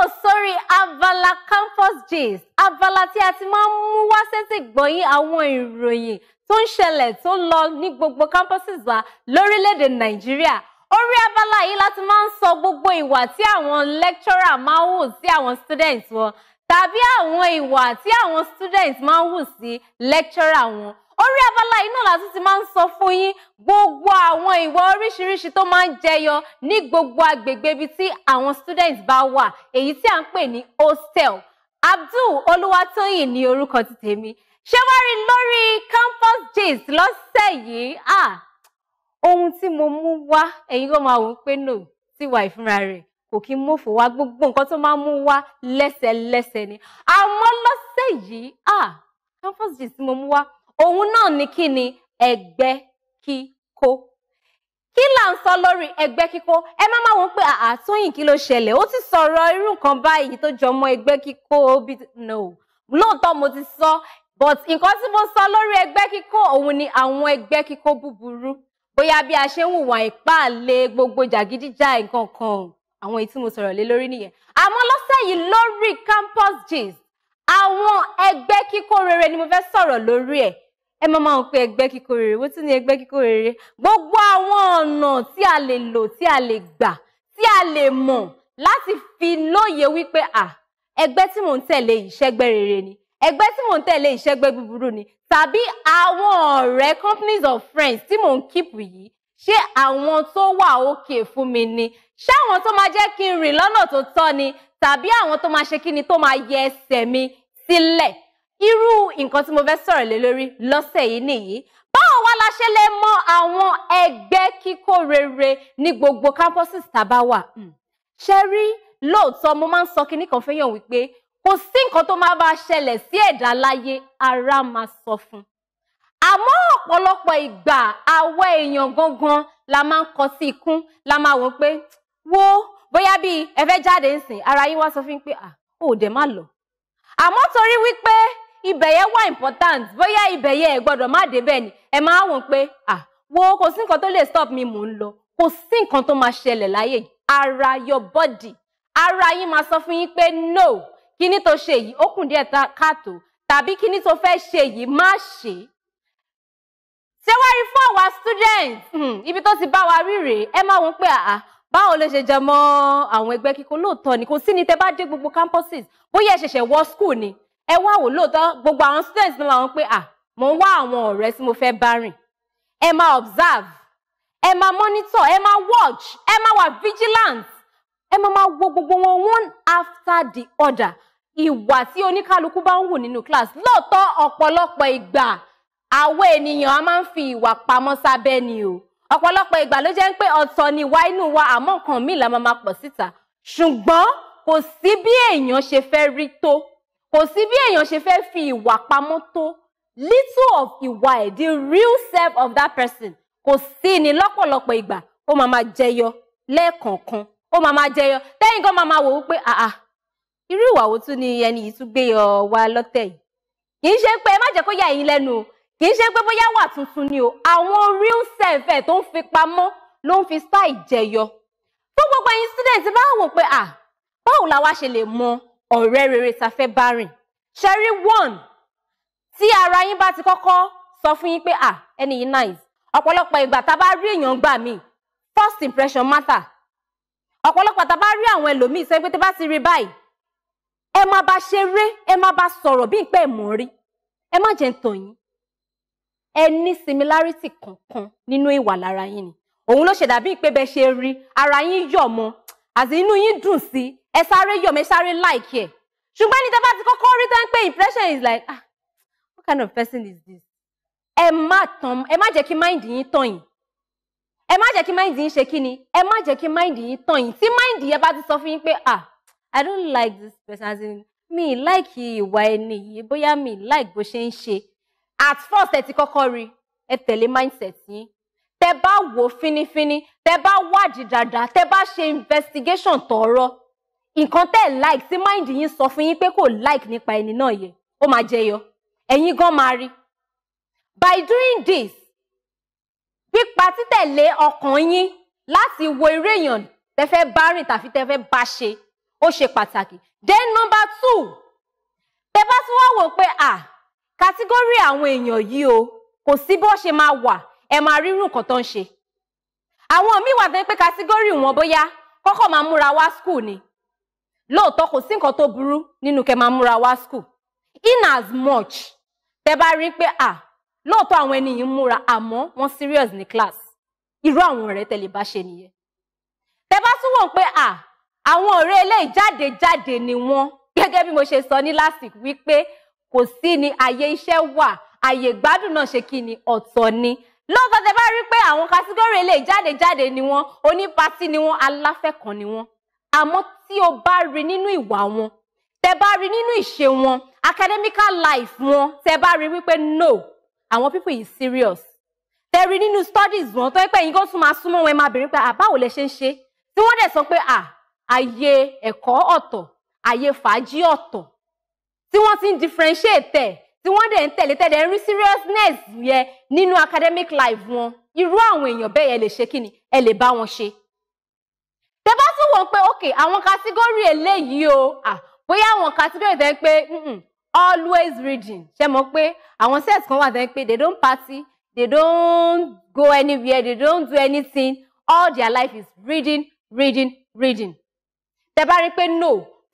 wò oh, sórí abala campus gist abala tí a ti máa ń mú wá sétí gbọ̀nyìn àwọn ìròyìn tó ń ṣẹlẹ̀ tó lọ ní gbogbo campuses wa lórílẹ̀‐èdè nàìjíríà orí abala yìí láti máa ń sọ gbogbo ìwà tí àwọn lecturer máa ń hù sí àwọn students wọn tàbí àwọn ìwà tí àwọn students máa ń hù sí lecturer wọn orí abala yìí náà láti ti máa ń sọ fún yín gbogbo àwọn ìwà oríṣiríṣi tó máa ń jẹyọ ní gbogbo agbègbè ibi tí àwọn students bá wà èyí tí à ń pè ní hostel Abdul Olúwatóyìn ní orúkọ ti tèmi ṣé wá rí lórí campus gist lọ́sẹ̀ yìí ah ohun tí mo mú wá ẹ̀yin kò máa wò ó pé no ti wà ìfúnra rẹ̀ kò kí n mọ̀fọ̀ wá gbogbo nǹkan tó máa ń mú wá lẹ́sẹ̀lẹ́sẹ̀ ni àmọ́ lọ́sẹ̀ yìí ah campus gist tí mo mú wá òun náà ni kí ni ẹgbẹ́ kíkó kí là ń sọ lórí ẹgbẹ́ kíkó ẹ má má wọn pé àtúnyìn kí ló ṣẹlẹ̀ ó ti sọ̀rọ̀ irú nǹkan báyìí tó jọ mọ́ ẹgbẹ́ kíkó bí no lóòótọ́ mo ti sọ but nǹkan tí mo sọ lórí ẹgbẹ́ kíkó òun ni àwọn ẹgbẹ́ kíkó búburú bóyá bí a ṣe ń hùwà ìpáàlè gbogbo jàgídíjà nǹkan kan àwọn èyí tí mo sọ̀rọ̀ lé lórí nìyẹn àmọ́ lọ́sẹ̀ yìí lórí campus gist àwọn ẹgbẹ́ kíkó rere ni mo fẹ́ sọ̀rọ̀ lórí ẹ̀ ẹ máa máa ń pe ẹgbẹ́ kíkó rere wọ́n tún ní ẹgbẹ́ kíkó rere gbogbo àwọn ọ̀nà tí a lè lò tí a lè gbà tí a lè mọ̀ láti fi lóye wípé à ẹgbẹ́ tí mò ń tẹ̀lé ìṣẹ́gbẹ́ rere ni ẹgbẹ́ tí mò ń tẹ̀lé ìṣẹ́gbẹ́ búburú ni tàbí àwọn ọ̀rẹ́ companies of friends tí mò ń keep yìí ṣé àwọn tó wà òkè fún mi ni ṣé àwọn tó máa jẹ́ kí n rìn lọ́nà tó tọ́ ni tàbí àwọn tó máa ṣe kí ni tó máa yẹ ẹsẹ̀ mi sílẹ̀ irú nǹkan tí mo fẹ́ sọ̀rọ̀ lé lórí lọ́sẹ̀ yìí nìyí báwo wá la ṣe lè mọ àwọn ẹgbẹ́ kíkó rere ní gbogbo campuses tá a bá wà hmm. ṣe rí lóòótọ́ mo máa ń sọ kinní kan fẹ́yàn wípé kò sí nǹkan tó máa bá ṣẹlẹ̀ sí ẹ̀dá láyé ara máa sọ fún àmọ́ ọ̀pọ̀lọpọ̀ ìgbà àwa èèyàn gangan la máa ń kọ sí ikún la máa wò pé wo bóyá bíi ẹ fẹ́ jáde ńsìn ara yín wá sọ fún pé ah ò dẹ̀ má lọ àmọ́ torí wípé ibẹ̀ yẹn wà important bóyá ibẹ̀ yẹn ẹ gbọ́dọ̀ má dé bẹ́ẹ̀ ni ẹ máa wò pé ah wo kò sí nǹkan tó lè stop mi mò ń lọ kò sí nǹkan tó máa ṣẹlẹ̀ láyé ara your body ara yín máa sọ fún yín pé no kíní tó ṣe yìí ó kùn díẹ̀ káàtó tàbí kíní tó fẹ́ ṣe yìí má ṣe é ṣé wá rí fún àwa students hmm, ibi tó ti bá wa rí rèé ẹ máa wọn pé àá báwo ló ṣe jẹ mọ́ àwọn ẹgbẹ́ kíkó lóòótọ́ ni kò sí ni tẹ bá dé gbogbo campuses bóyá ẹ ṣẹ̀ṣẹ̀ wọ school ni ẹ wá wò lóòótọ́ gbogbo àwọn students náà làwọn pé à mò ń wá àwọn ọ̀rẹ́ tí mo fẹ́ bá rìn ẹ máa observe ẹ máa monitor ẹ máa watch ẹ máa wà vigilant ẹ máa máa wo gbogbo wọn one after the other ìwà tí oníkálukú bá ń wù nínú class lóòótọ́ ọ̀pọ̀lọpọ̀ ìgbà àwọn ènìyàn a máa ń fi ìwà pamọ́ sábẹ́ ni o ọ̀pọ̀lọpọ̀ ìgbà ló jẹ́ pé ọ̀tọ̀ ni ìwà inú wa àmọ́ nǹkan míì la máa máa pọ̀ síta ṣùgbọ́n kò sí bí èèyàn ṣe fẹ́ rí tó kò sí bí èèyàn ṣe fẹ́ fi ìwà pamọ́ tó little of ìwà ẹ̀ the real self of that person kò sí ní lọ́pọ̀lọpọ̀ ìgbà ó máa máa jẹyọ lẹ́ẹ̀kọ̀ọ̀kan ó máa máa jẹyọ tẹ́yìn kan máa máa wò wípé àà irú ìwà wo tún ni ẹni yìí tún gbé yọ wá lọ́tẹ̀ yìí kì í ṣe pé ẹ má jẹ́ kó yà yín lẹ́nu o kì í ṣe pé bóyá wà tuntun ni o àwọn real self ẹ̀ tó ń fi pamọ́ ló ń fi style jẹyọ fún gbogbo ẹ̀yin student bá wò pé à báwo la wá ṣe lè mọ̀ ọ̀rẹ́ rere tá fẹ́ bá rìn ṣẹ́rí one tí ara yín bá ti kọ́kọ́ sọ fún yín pé à ẹni yìí nice ọ̀pọ̀lọpọ̀ ìgbà tá a bá rí èèyàn gbà mí first impression matter ọ̀pọ̀lọpọ̀ tá a bá rí àwọn ẹlòmíì sọ pé tí bá ti rí báyìí ẹ má bá ṣeré ẹ má bá sọ̀rọ̀ bí ìpẹ́ mọ̀ rí ẹ má jẹ́ ń tàn yín ẹ ní similarity kankan nínú ìwà lára yín ni òun ló ṣe dàbí pé bẹ ṣe rí ara yín yọ̀ mọ́ àti inú yín dùn sí ẹ sáré yọ̀ sáré like ẹ̀ ṣùgbọ́n ẹni tẹ́ bá ti kọ́kọ́ rí tán pé impression is like ah what kind of person is this ẹ má tán ẹ má jẹ́ kí mind yín tàn yín ẹ má jẹ́ kí mind yín ṣe kíni ẹ má jẹ́ kí mind yín tàn yín tí mind yẹn bá ti sọ fún yín pé ah i don't like this person as in mi like ìwà ẹni yìí bóyá mi like bó ṣe ń ṣe at first ẹ ti kọ́kọ́ rí ẹ tẹ̀lé mindset yín tẹ́ bá wò fínífíní tẹ́ bá wádìí dáadáa tẹ́ bá ṣe investigation tọ̀ọ̀rọ̀ nǹkan tẹ́ ẹ̀ like tí mind yín sọ fún yín pé kò like nípa ẹni náà yẹn ó máa jẹyọ ẹ̀yin gan máa rí by doing this pípa títẹ̀lé ọkàn yín láti wo irú èèyàn tẹ́ fẹ́ bá rìn tàbí tẹ́ fẹ́ bá ṣe ó ṣe pàtàkì then number two tẹ́ bá tún wá wò pé à kàtígórì àwọn èèyàn yìí o kò sí bó ṣe máa wà ẹ máa rí irú nǹkan tó ń ṣe àwọn míì wà tó ń pé kàtígórì wọn bóyá kọ́kọ́ máa múra wá school ni lóòótọ́ kò sí nǹkan tó burú nínú kẹ́ máa múra wá school in as much tẹ́ bá rí pé à lóòótọ́ àwọn ẹni yìí ń múra àmọ́ wọ́n serious ní class irú àwọn ọ̀rẹ́ tẹ́ lè bá ṣe nìyẹn tẹ́ bá tún wò pé à àwọn ọ̀rẹ́ eléyìí jáde jáde ni wọ́n gẹ́gẹ́ bí mo ṣe sọ ní last week wípé kò sí ni àyè iṣẹ́ wà àyè ìgbádùn náà ṣe kí ni ọ̀tọ̀ ni lóòótọ́ tẹ́ bá rí pé àwọn kásígọ́rì eléyìí jáde jáde ni wọ́n onípatí ni wọ́n aláfẹ́kàn ni wọ́n àmọ́ tí o bá rí nínú ìwà wọn tẹ bá rí nínú ìṣe wọn academical life wọn tẹ bá rí wípé no àwọn people yìí serious tẹ rí nínú studies wọn tó yẹ pé ẹ̀yin kó tún máa súnmọ́ wọn ẹ máa bèrè pé à báwo lẹ ṣe ń ṣe tí wọ́n dẹ̀ sọ pé à àyè ẹ̀kọ́ ọ̀tọ̀ àyè fàájì ọ̀tọ̀ tí wọ́n ti ń differentiate ẹ̀ tí wọ́n dẹ̀ ń tẹ̀lé tẹ̀lé ń rí seriousness yẹn nínú academic life wọn irú àwọn èèyàn bẹ́ẹ̀ yẹn lè ṣe kí ni ẹ lè bá wọn ṣe tẹ bá tún wọ̀n pé ok àwọn kàtígórì eléyìí o bóyá àwọn kàtígórì tẹ́ pé always reading ṣe mọ̀ pé àwọn sets kan wà tẹ́ pé they don't party they don't go anywhere they don't do anything all their life is reading reading reading tẹ bá rí pé no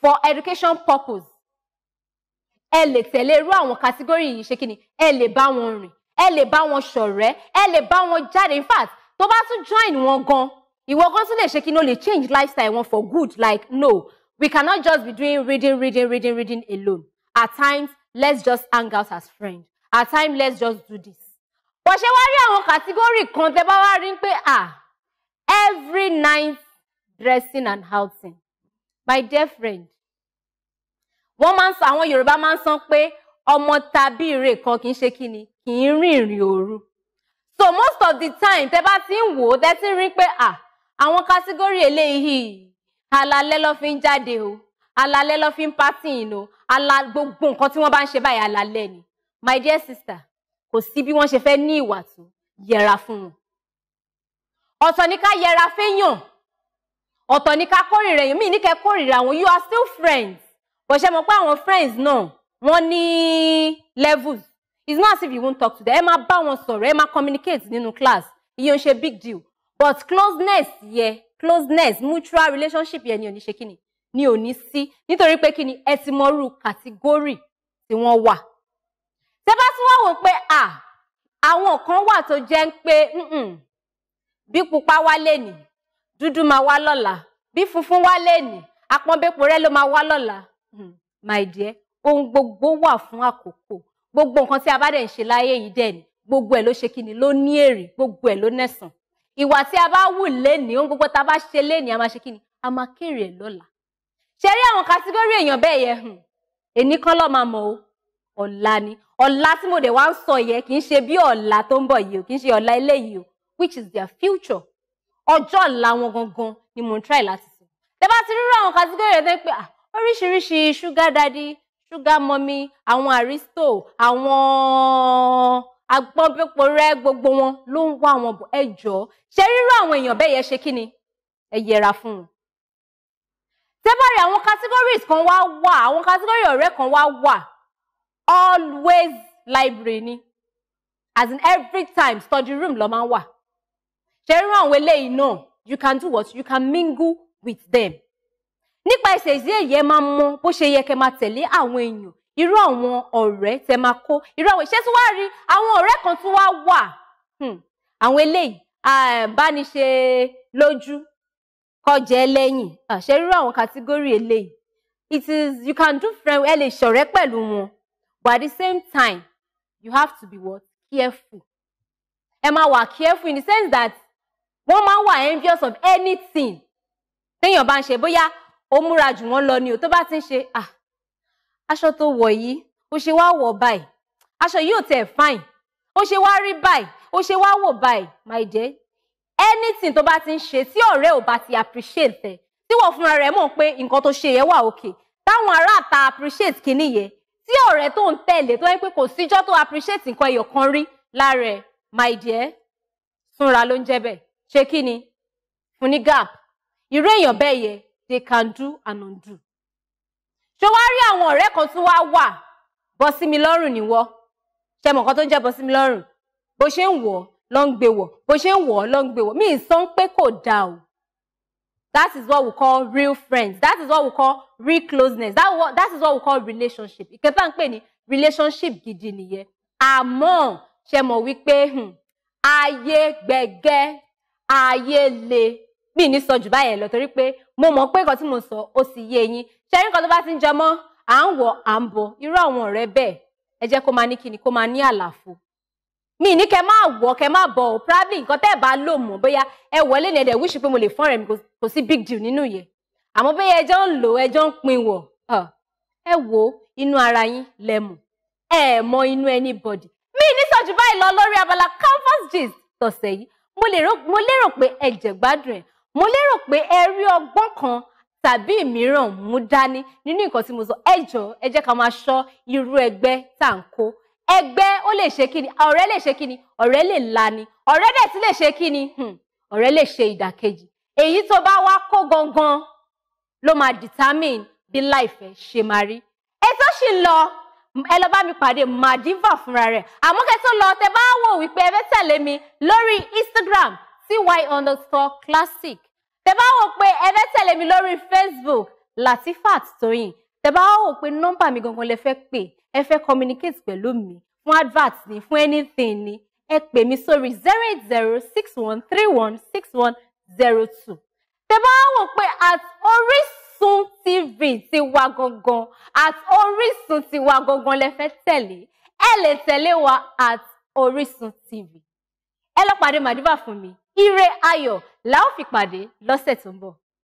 for education purpose ẹ lè tẹ̀lé irú àwọn kàtígórì yìí ṣe kí ni ẹ lè bá wọn rìn ẹ lè bá wọn ṣọ̀rẹ́ ẹ lè bá wọn jáde in fact tó bá tún join wọn gan ìwọ gan tún lè ṣe kí ni o lè change lifestyle wọn for good like no we cannot just be doing reading reading reading reading alone at times let's just hang out as friends at times let's just do this. bó ṣe wá rí àwọn kàtígórì kan tẹ bá wá rí pé ah every night dressing and housing, my dear friend wọ́n máa ń sọ àwọn yorùbá máa ń sọ pé ọmọ tàbí ire kan kì í ṣe kí ni kì í rìn òru so most of the time tẹ bá ti ń wò ó tẹ ti ń rí pé ah àwọn kátígórì eléyìí alalẹ́ ló fi ń jáde o alalẹ́ ló fi ń pátì ìnà ala gbogbo nǹkan tí wọ́n bá ń ṣe báyìí alalẹ́ ni my dear sister kò sí bí wọ́n ṣe fẹ́ ní ìwà tó yẹra fún wọn ọ̀tọ̀ ni ká yẹra fẹ́yàn ọ̀tọ̀ ni ká kórìíra èèyàn míì ní kẹ́ kórìíra àwọn you are still friends bó ṣe mọ̀ pé àwọn friends náà wọ́n ní levels it's not as if you won't talk to them ẹ máa bá wọn sọ̀rọ̀ ẹ máa communicate nínú class ìyẹn ń ṣe big deal but closeness yẹ closeness mutual relationship yẹn ni ò ní ṣe kíni ni ò ní sí nítorí pé kíni ẹ ti mọrú kàtígórì tí wọ́n wà tẹ bá tún wá wò pé à àwọn kan wà tó jẹ́ ń pé bí pupa wá lẹ́nìí dúdú máa wá lọ́la bí funfun wá lẹ́nìí apọ́nbẹ́po ló máa wá lọ́la hmm, my dear ohun gbogbo wà fún àkókò gbogbo nǹkan tí a bá dẹ̀ ń ṣe láyé yìí dẹ̀ ni gbogbo ẹ̀ ló ṣe kí ni ló ní èrè gbogbo ẹ̀ ló nẹ̀sán ìwà tí a bá wù lénìí ohun gbogbo tá a bá ṣe lénìí a máa ṣe kí ni a máa kéré ẹ̀ lọ́la ṣe rí àwọn kàtígórì èèyàn bẹ́ẹ̀ yẹ hàn hmm. èní kọ́ lọ́ọ́ máa mọ̀ o ọ̀la ni ọ̀la tí mo dẹ̀ wá ń sọ yẹ kì í ṣe bí ọ̀la tó ń bọ̀ yìí o kì í ṣe ọ̀la eléyìí o which is their future ọjọ́ ọ̀la wọn gangan ni mo ń try láti sọ tẹ bá ti rírọ àwọn kàtígórì ẹ̀ tẹ́ pé ah, oríṣiríṣi sugar daddy sugar mommy àwọn aristo àwọn àgbọ̀npẹ̀pọ̀ rẹ gbogbo wọn ló ń wá wọn bọ̀ ẹ jọ̀ọ́ ṣe rírú àwọn èèyàn bẹ́ẹ̀ yẹn ṣe kí ni ẹ yẹra fún wọn. tẹ́bàrí àwọn categories kan wá wà àwọn category ọ̀rẹ́ kan wá wà always library ni as in every time study room ló máa ń wà ṣe rírú àwọn eléyìí náà you can do what you can mingle with them nípa ẹsẹ̀ ìdí èyí ẹ máa mọ bó ṣe yẹ kẹ́ máa tẹ̀lé àwọn èèyàn irú àwọn ọ̀rẹ́ tẹ máa kó irú àwọn ìṣẹ́ tí wàá rí àwọn ọ̀rẹ́ kan tí wàá wà hmm, àwọn eléyìí àbániṣe lójú kọjẹ lẹ́yìn àṣẹ irú àwọn kàtígórì eléyìí it is you can do friend ẹ lè ṣọ̀rẹ́ pẹ̀lú wọn but at the same time you have to be what careful ẹ máa wà careful in the sense that wọ́n máa wà envious of anything téèyàn bá ń ṣe bóyá ó múra jù wọ́n lọ ni o tó bá ti ń ṣe ah aṣọ tó wọ̀ yìí ó ṣe wá wọ̀ báyìí aṣọ yìí ò tẹ̀ fine ó ṣe wá rí báyìí ó ṣe wá wò báyìí my dear anything tó bá ti ń ṣe tí ọ̀rẹ́ ò bá ti appreciate ẹ̀ tí wọ́n fúnra rẹ̀ mọ̀ pé nǹkan tó ṣe yẹn wà òkè táwọn ará àta appreciate kìíní yẹn tí ọ̀rẹ́ tó ń tẹ̀lé tó yẹ pé kò síjọ́ tó appreciate nǹkan ẹyọ kan rí lára my dear súnra ló ń jẹ́ bẹ́ẹ̀ ṣé kí ni fún ní gap irú èèyàn bẹ́ẹ̀ yẹ they can do and undo ṣó wá rí àwọn ọ̀rẹ́ kan tún wá wà bọ́ sí mi lọ́rùn níwọ́ ṣe mọ̀ kan tó ń jẹ́ bọ́ sí mi lọ́rùn bó ṣe ń wọ̀ ló ń gbé wọ̀ bó ṣe ń wọ̀ ló ń gbé wọ̀ mí sọ pé kò dáa o that is what we call real friends that is what we call real closeness that, what, that is what we call relationship ìkẹta ń pè ní relationship gidi nìyẹn àmọ́ ṣe mọ̀ wípé hmm, ayé gbẹ̀gẹ́ ayé le mi ní sọ jù báyẹn lọ torí pé mo mọ̀ pé nǹkan tí mo sọ ó sì yé yín ṣẹ́rí nǹkan tó bá ti ń jọmọ́ à ń wọ̀ à ń bọ̀ irú àwọn ọ̀rẹ́ bẹ́ẹ̀ ẹ jẹ́ kó máa ní kíni kó máa ní àlàfo mi ní kẹ máa wọ̀ kẹ máa bọ̀ ò probably nǹkan tẹ́ ẹ bá lò mọ̀ bóyá ẹ wọlé ní ẹ̀dẹ̀ wíṣì pé mo lè fọ́n rẹ̀ mi kò sí big deal nínú yẹn àmọ́ bóyá ẹjọ́ ń lò ẹjọ́ ń pin wọ̀ ẹ wo inú ara yín lẹ́mù ẹ mọ inú anybody mi ní sọ jù báyìí lọ lórí abala campus gist tọ̀sẹ̀ yìí mo lérò pé ẹ gbádùn ẹ̀ mo lérò pé ẹ rí ọgbọ́n kan tàbí ìmíràn mú dání nínú nǹkan tí mo sọ ẹ jọ̀ọ́ ẹ jẹ́ ká máa ṣọ́ irú ẹgbẹ́ tá à ń kó ẹgbẹ́ ó lè ṣe kíni ọ̀rẹ́ lè ṣe kíni ọ̀rẹ́ lè lani ọ̀rẹ́ dẹ̀ tí lè ṣe kíni hmm, ọ̀rẹ́ lè ṣe ìdàkejì èyí tó bá wá kó gangan ló máa determine bí láìfẹ́ ṣe máa rí ètò sì ń lọ ẹ lọ bá mi pàdé madiva fúnra rẹ̀ àmọ́ tó lọ tẹ́ bá wò wípé ẹ fẹ́ tẹ̀lé mi lórí Instagram ty underscore classic tẹ bá wò pé ẹ fẹ́ tẹ̀lé mi lórí facebook latifat tóyìn tẹ bá wò pé nọ́mbà mi gangan lẹ fẹ́ pè ẹ fẹ́ communicate pẹ̀lú mi fún advert ni fún anything ni ẹ pè mí sórí zero eight zero six one three one six one zero two tẹ bá wò pé at Orísun TV tiwa gangan at Orísun tiwa gangan lẹ fẹ́ tẹ̀lé ẹ lè tẹ̀lé wa at Orísun TV ẹ lọ pàdé màdìbà fún mi ire ayọ̀ la ó fi pàdé lọ́sẹ̀ tó ń bọ̀.